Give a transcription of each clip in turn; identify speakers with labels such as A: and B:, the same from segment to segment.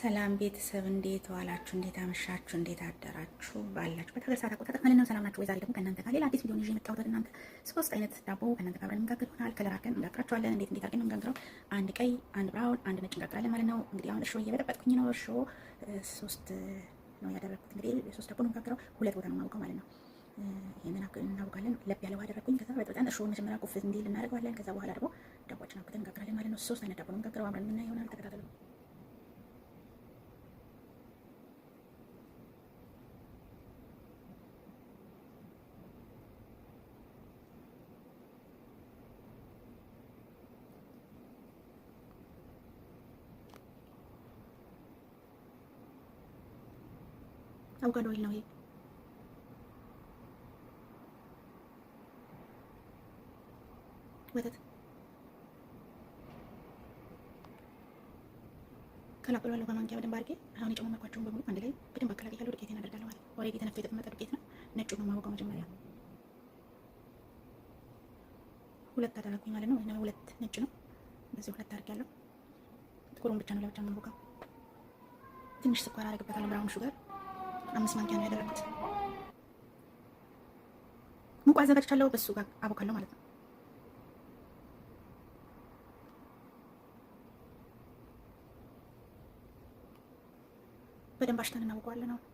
A: ሰላም ቤተሰብ እንዴት ዋላችሁ? እንዴት አመሻችሁ? እንዴት አደራችሁ? ባላችሁ ሰዓት አቆጣጠር ተመለ ነው ሰላም ናችሁ? ዛሬ ደግሞ ከእናንተ ጋር ሌላ አዲስ ቪዲዮ ይዤ መጣሁ። እናንተ ሶስት አይነት ዳቦ ከእናንተ ጋር አብረን እንጋግር ይሆናል። ከለር አድርገን እንጋግራችኋለን። እንዴት እንዴት አድርገን እንጋግረው? አንድ ቀይ፣ አንድ ብራውን፣ አንድ ነጭ እንጋግራለን ማለት ነው። እንግዲህ አሁን እርሾ እየበጠበጥኩኝ ነው። እርሾ ሶስት ነው ያደረኩት። እንግዲህ ሶስት ዳቦ ነው የምጋግረው። ሁለት ቦታ ነው የማውቀው ማለት ነው። ይሄንን እናውቃለን። ለብ ያለው አደረግኩኝ። ከዛ በጣም እርሾውን መጀመሪያ ቁፍ እንዲል እናደርገዋለን። ከዛ በኋላ ደግሞ ዳቦችን አውቅተን እንጋግራለን ማለት ነው። ሶስት አይነት ዳቦ ነው የምጋግረው። አብረን የምናየው ይሆናል። ተከታተሉ አቮካዶ ኦይል ነው ይሄ። ወተት ከላቅለዋለሁ በማንኪያ በደንብ አድርጌ። አሁን የጨመመርኳቸውን በሙሉ አንድ ላይ በደንብ አቀላቅያለሁ። ዱቄቴን አደርጋለሁ ማለት ኦልሬዲ የተነፍቶ የተቀመጠ ዱቄት ነው። ነጩ ነው የማወጋው መጀመሪያ ሁለት አደረኩኝ ማለት ነው። ወይ ሁለት ነጭ ነው በዚህ ሁለት አድርጌያለሁ። ጥቁሩን ብቻ ነው ለብቻ የማወጋው። ትንሽ ስኳር አደርግበታለሁ ብራውን ሹገር አምስት ማንኪያ ነው ያደረኩት። ሙቁ አዘጋጅቻለሁ። በሱ ጋር አቦካለሁ ማለት ነው። በደንብ አሽተን እናውቀዋለን። አሁን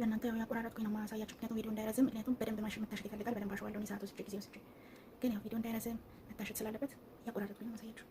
A: ለእናንተ ያቆራረጥኩኝ ነው ማሳያችሁ፣ ምክንያቱም ቪዲዮ እንዳይረዝም። ምክንያቱም በደንብ ማሽን መታሸት ይፈልጋል። በደንብ አሸዋለሁ። እኔ ሰዓት ወስጄ ጊዜ ወስጄ፣ ግን ያው ቪዲዮ እንዳይረዝም መታሸት ስላለበት ያቆራረጥኩኝ ነው ማሳያችሁ።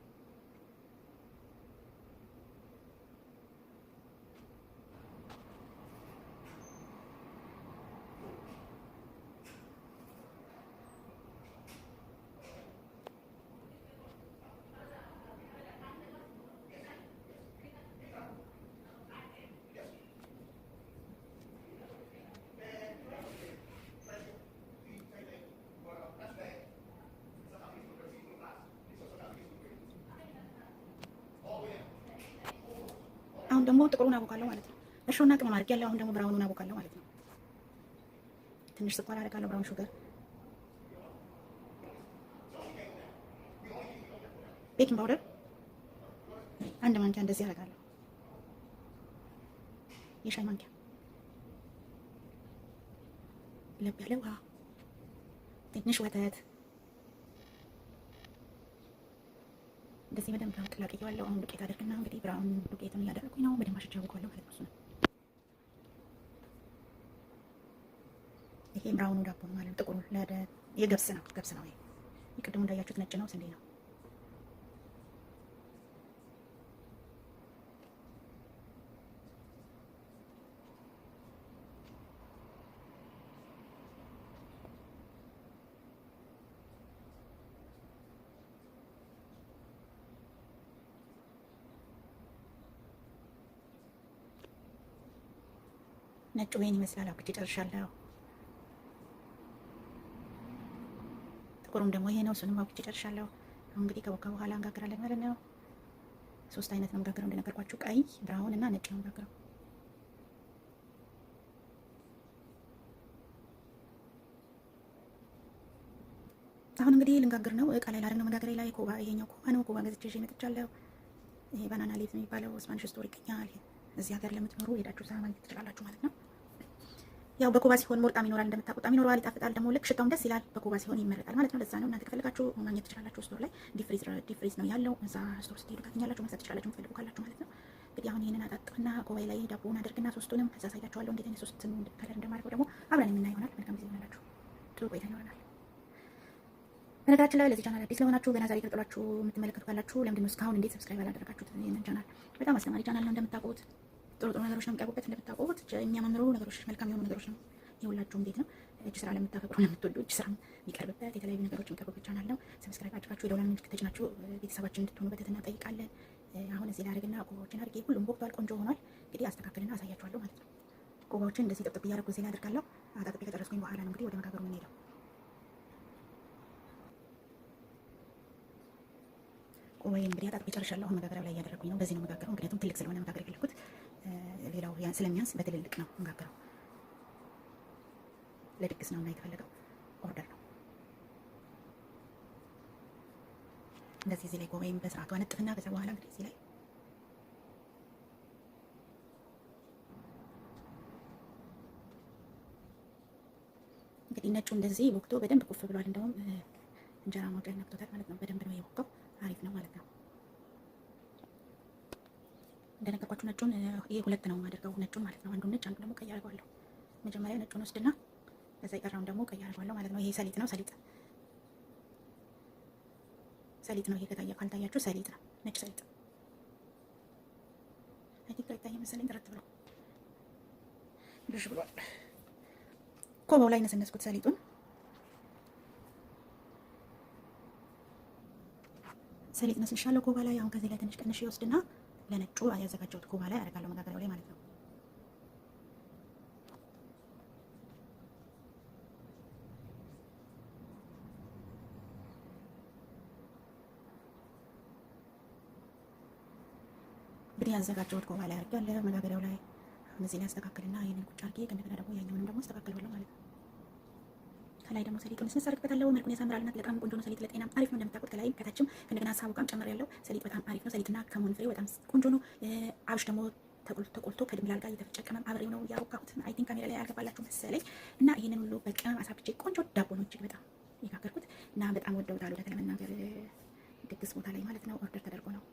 A: ደግሞ ጥቁሩን አቦካለሁ ማለት ነው። እርሾና ቅመም ያለው አሁን ደግሞ ብራውኑን አቦካለሁ ማለት ነው። ትንሽ ስኳር አደርጋለሁ፣ ብራውን ሹገር፣ ቤኪንግ ፓውደር አንድ ማንኪያ እንደዚህ አደርጋለሁ። የሻይ ማንኪያ ለብ ያለ ውሃ፣ ትንሽ ወተት እንደዚህ በደንብ ቀላቅየዋለሁ። አሁን ዱቄት አድርግና እንግዲህ ብራውን ዱቄትን እያደረግኩኝ ነው። በደንብ አሽቼ አውቀዋለሁ ማለት ነው። ይሄ ብራውኑ ዳቦ ነው ማለት ጥቁሩ የገብስ ነው። ገብስ ነው ይሄ። ቅድሙ እንዳያችሁት ነጭ ነው፣ ስንዴ ነው። ነጭ ወይን ይመስላል። አብቅቼ ጨርሻለሁ። ጥቁሩም ደግሞ ይሄ ነው። እሱንም አብቅቼ ጨርሻለሁ። አሁን እንግዲህ ከቦካ በኋላ እንጋግራለን ማለት ነው። ሶስት አይነት ነው የምጋግረው እንደነገርኳችሁ፣ ቀይ ብራውን እና ነጭ ነው የምጋግረው። አሁን እንግዲህ ልንጋግር ነው። እቃ ላይ ላደርግ ነው መጋገሬ ላይ ኮባ፣ ይሄኛው ኮባ ነው። ኮባ ገዝቼ ይዤ መጥቻለሁ። ይሄ ባናና ሊቭስ የሚባለው ስፓኒሽ ስቶር ይገኛል። እዚህ ሀገር ለምትኖሩ ሄዳችሁ ዛ ማግኘት ትችላላችሁ ማለት ነው። ያው በኮባ ሲሆን ሞርጣም ይኖራል እንደምታውቁት ይኖረዋል፣ ይጣፍጣል። ደግሞ ልክ ሽታውም ደስ ይላል። በኮባ ሲሆን ይመረጣል ማለት ነው። ለዛ ነው እናንተ ከፈለጋችሁ ማግኘት ትችላላችሁ። ስቶር ላይ ዲፍሪዝ ዲፍሪዝ ነው ያለው። እዛ ስቶር ስትሄዱ ታገኛላችሁ፣ መስራት ትችላላችሁ የምትፈልጉ ካላችሁ ማለት ነው። እንግዲህ አሁን ይሄንን አጣጥቅና ኮባይ ላይ ዳቦውን አድርግና ሶስቱንም ከዛ ሳያችኋለሁ እንዴት አይነት ሶስት ከለር እንደማድረገው ደግሞ አብረን የምናየው ይሆናል። መልካም ጊዜ ይሆናላችሁ። ጥሩ ቆይታ ይኖረናል። በነገራችን ላይ ለዚህ ቻናል አዲስ ለሆናችሁ ገና ዛሬ ተቀጥላችሁ የምትመለከቱ ካላችሁ ለምንድን ነው እስካሁን እንዴት ሰብስክራይብ አላደረጋችሁት? ይህንን ቻናል በጣም አስተማሪ ቻናል ነው እንደምታውቁት ጥሩ ጥሩ ነገሮች ነው የሚቀርቡበት። እንደምታውቁት የሚያማምሩ ነገሮች፣ መልካም የሆኑ ነገሮች ነው። የሁላችሁም ቤት ነው። እጅ ስራ ለምታፈቅሩ ለምትወዱ እጅ ስራ የሚቀርብበት የተለያዩ ነገሮች የሚቀርቡበት ቻናል ነው። ሰብስክራይብ አድርጋችሁ የደውላ ምልክት ተጭናችሁ ቤተሰባችን እንድትሆኑ በትህትና እንጠይቃለን። አሁን እዚህ ላይ አድርግና ቆባዎችን አድርጌ ሁሉም ቦክቷል፣ ቆንጆ ሆኗል። እንግዲህ አስተካክልና አሳያችኋለሁ ማለት ነው። ቆባዎችን እንደዚህ ጥብጥብ እያደረጉ እዚህ ላይ አድርጋለሁ። አጣጥቤ ከጨረስኩኝ በኋላ ነው እንግዲህ ወደ መጋገሩ የምንሄደው። ቆባዬ እንግዲህ አጣጥቤ ጨርሻለሁ። አሁን መጋገሪያው ላይ እያደረግኩኝ ነው። በዚህ ነው መጋገረው፣ ምክንያቱም ትልቅ ስለሆነ መጋገር የፈለኩት ስለሚያንስ በትልልቅ ነው እንጋግረው። ለድግስ ነው እና የተፈለገው ኦርደር ነው። እንደዚህ እዚህ ላይ ወይም በስርዓቱ አነጥፍና ከዛ በኋላ እንግዲህ እዚህ ላይ እንግዲህ ነጩ እንደዚህ ወቅቶ በደንብ ቁፍ ብሏል። እንደውም እንጀራ መውጫ ነክቶታል ማለት ነው። በደንብ ነው የቦካው። አሪፍ ነው ማለት ነው። እንደነገርኳችሁ ነጩን ይሄ ሁለት ነው የማደርገው፣ ነጩን ማለት ነው። አንዱ ነጭ አንዱ ደግሞ ቀይ አደርገዋለሁ። መጀመሪያ ነጩን ወስድና ከዛ የቀረውን ደግሞ ቀይ አደርገዋለሁ ማለት ነው። ይሄ ሰሊጥ ነው። ሰሊጥ ሰሊጥ ነው። ይሄ ከታየ ካልታያችሁ ሰሊጥ ነው። ነጭ ሰሊጥ አይቲክ አይታየ መሰለኝ። ጥረት ብሎ ድርሽ ብሏል። ኮባው ላይ ነሰነስኩት ሰሊጡን። ሰሊጥ ነስንሻለሁ ኮባ ላይ። አሁን ከዚህ ላይ ትንሽ ቀንሽ ይወስድና ለነጩ ያዘጋጀሁት ኩባ ላይ አደርጋለሁ፣ መጋገሪያው ላይ ማለት ነው። እንግዲህ ያዘጋጀሁት ኩባ ላይ አደርጋለሁ፣ መጋገሪያው ላይ እነዚህ ላይ አስተካክልና ይህንን ቁጭ አድርጌ ከእንደገና ደግሞ ያኛውንም ደግሞ አስተካክለዋለሁ ማለት ነው። ከላይ ደግሞ ሰሊጥ ንስንስ አድርግበታለሁ። መልኩን ያሳምራልና በጣም ቆንጆ ነው። ሰሊጥ ለጤና አሪፍ ነው። እንደምታውቁት ከላይም ከታችም እንደገና ሀሳቡ ጋርም ጨምር ያለው ሰሊጥ በጣም አሪፍ ነው። ሰሊጥና ከሞን ፍሬ በጣም ቆንጆ ነው። አብሽ ደግሞ ተቆልቶ ከድምላል ጋር እየተፈጨ ቅመም አብሬው ነው ያቦካሁት። አይ ቲንክ ካሜራ ላይ አልገባላችሁ መሰለኝ እና ይህንን ሁሉ በቅመም አሳብቼ ቆንጆ ዳቦ ነው እጅግ በጣም የጋገርኩት እና በጣም ወደውታል። እውነት ለመናገር ድግስ ቦታ ላይ ማለት ነው ኦርደር ተደርጎ ነው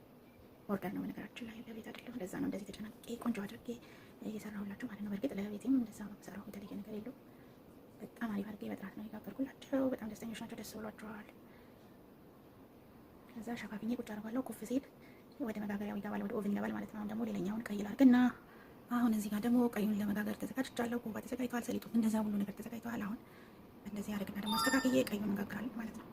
A: ኦርደር ነው ነገራችን ላይ ለቤት አይደለም። እንደዛ ነው እንደዚህ ተጨናንቄ ቆንጆ አድርጌ እየሰራሁላችሁ ማለት ነው። በእርግጥ ለቤቴም እንደዛ ነው የምሰራው የተለየ ነገር የለውም። በጣም አሪፍ አድርጌ በጥራት ነው የጋገርኩላቸው። በጣም ደስተኞች ናቸው፣ ደስ ብሏቸዋል። ከዛ ሸፋፍኜ ቁጭ አድርጓለሁ። ኩፍ ሲል ወደ መጋገሪያው ይገባል፣ ወደ ኦቭን ይገባል ማለት ነው። አሁን ደግሞ ሌላኛውን ቀይ ላድርግና አሁን እዚህ ጋር ደግሞ ቀዩን ለመጋገር ተዘጋጅቻለሁ። ኩባ ተዘጋጅቷል፣ ሰሊጡም እንደዛ ሁሉ ነገር ተዘጋጅቷል። አሁን እንደዚህ አድርግና ደግሞ አስተካክዬ ቀዩን እጋግራለሁ ማለት ነው።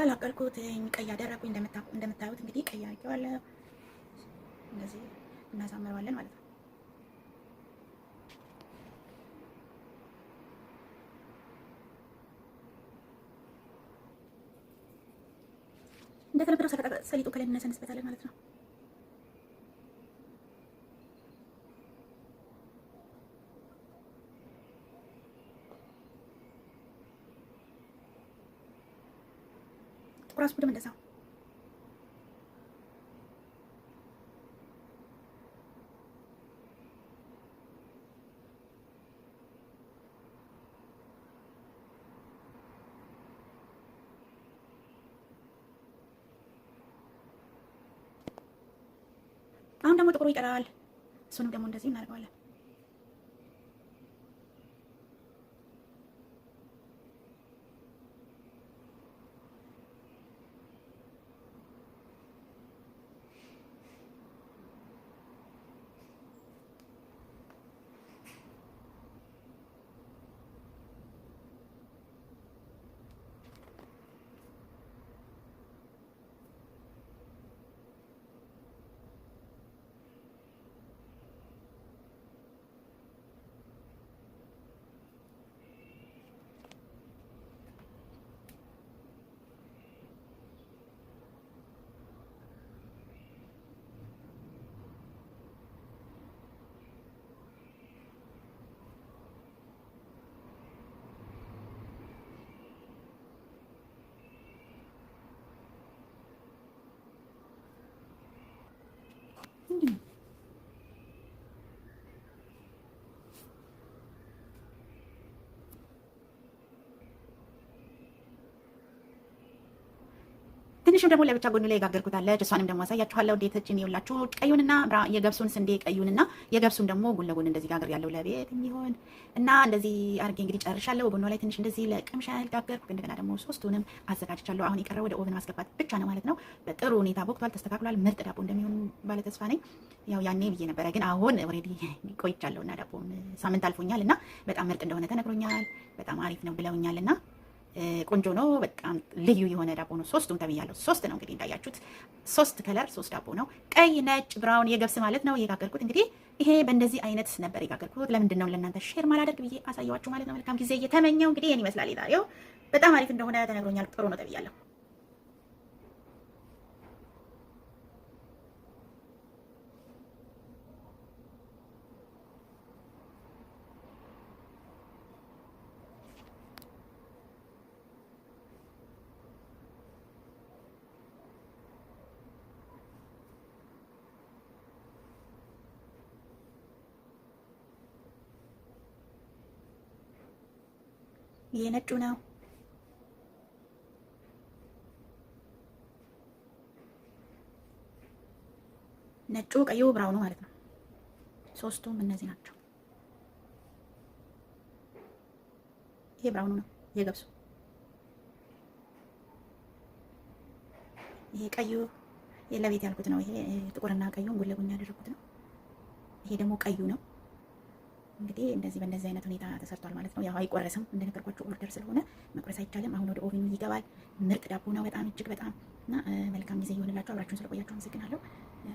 A: ቀላቀልኩት ቀይ አደረኩኝ። እንደምታዩት እንግዲህ ቀይ አድርጌዋለሁ። እንደዚህ እናሳምረዋለን ማለት ነው። እንደተነበረው ሰሊጡ ከላይ እናሰንስበታለን ማለት ነው። ራሱ ጉድም እንደዛው አሁን ደግሞ ጥቁሩ ይቀራል። እሱንም ደግሞ እንደዚህ እናደርገዋለን። ትንሽም ደግሞ ለብቻ ጎኑ ላይ የጋገርኩታለች። እሷንም ደግሞ አሳያችኋለሁ እንዴት እጭን ይውላችሁ። ቀዩንና የገብሱን ስንዴ ቀዩንና የገብሱን ደግሞ ጎን ለጎን እንደዚህ ጋገር ያለው ለቤት የሚሆን እና እንደዚህ አድርጌ እንግዲህ ጨርሻለሁ። ጎኗ ላይ ትንሽ እንደዚህ ለቅምሻ ያህል ጋገርኩ። እንደገና ደግሞ ሶስቱንም አዘጋጅቻለሁ። አሁን የቀረው ወደ ኦቨን ማስገባት ብቻ ነው ማለት ነው። በጥሩ ሁኔታ ቦክቷል፣ ተስተካክሏል። ምርጥ ዳቦ እንደሚሆን ባለ ተስፋ ነኝ። ያው ያኔ ብዬ ነበረ፣ ግን አሁን ኦልሬዲ ቆይቻለሁ እና ዳቦ ሳምንት አልፎኛል እና በጣም ምርጥ እንደሆነ ተነግሮኛል። በጣም አሪፍ ነው ብለውኛል እና ቆንጆ ነው። በጣም ልዩ የሆነ ዳቦ ነው። ሶስቱም ተብያለሁ። ሶስት ነው እንግዲህ እንዳያችሁት፣ ሶስት ከለር ሶስት ዳቦ ነው። ቀይ፣ ነጭ፣ ብራውን የገብስ ማለት ነው የጋገርኩት። እንግዲህ ይሄ በእንደዚህ አይነት ነበር የጋገርኩት። ለምንድን ነው ለእናንተ ሼር ማላደርግ ብዬ አሳየዋችሁ ማለት ነው። መልካም ጊዜ እየተመኘው እንግዲህ ይህን ይመስላል የዛሬው። በጣም አሪፍ እንደሆነ ተነግሮኛል። ጥሩ ነው ተብያለሁ። ይሄ ነጩ ነው። ነጩ፣ ቀዩ፣ ብራውኑ ማለት ነው። ሶስቱም እነዚህ ናቸው። ይሄ ብራውኑ ነው። ይሄ ገብሱ፣ ይሄ ቀዩ ለቤት ያልኩት ነው። ይሄ ጥቁርና ቀዩን ጎን ያደረኩት ነው። ይሄ ደግሞ ቀዩ ነው። እንግዲህ እንደዚህ በእንደዚህ አይነት ሁኔታ ተሰርቷል ማለት ነው። ያው አይቆረስም እንደነገርኳችሁ ኦርደር ስለሆነ መቁረስ አይቻልም። አሁን ወደ ኦቪን ይገባል። ምርጥ ዳቦ ነው በጣም እጅግ በጣም እና መልካም ጊዜ ይሆንላችሁ። አብራችሁን ስለቆያችሁ አመሰግናለሁ።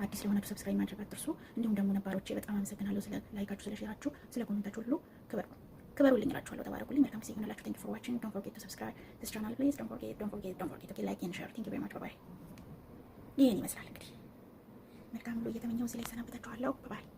A: አዲስ ለሆናችሁ ሰብስክራይብ ማድረግ አትርሱ። እንዲሁም ደግሞ ነባሮቼ በጣም አመሰግናለሁ ስለ ላይካችሁ፣ ስለ ሼራችሁ፣ ስለ ኮሜንታችሁ ሁሉ ክበሩ ክበሩልኝ እላችኋለሁ። ተባረኩልኝ። መልካም ጊዜ ይሆንላችሁ። ቴንክ ፎር ዋችንግ ዶንት ፎርጌት ቱ ሰብስክራይብ ዲስ ቻናል ፕሊዝ ዶንት ፎርጌት ዶንት ፎርጌት ዶንት ፎርጌት ኦኬ ላይክ ኤንድ ሼር ቴንክ ዩ ቬሪ ማች ባይ ባይ። ይሄን ይመስላል እንግዲህ መልካም ሁሉ እየተመኘው እዚህ ላይ ሰናበታችኋለሁ። ባይ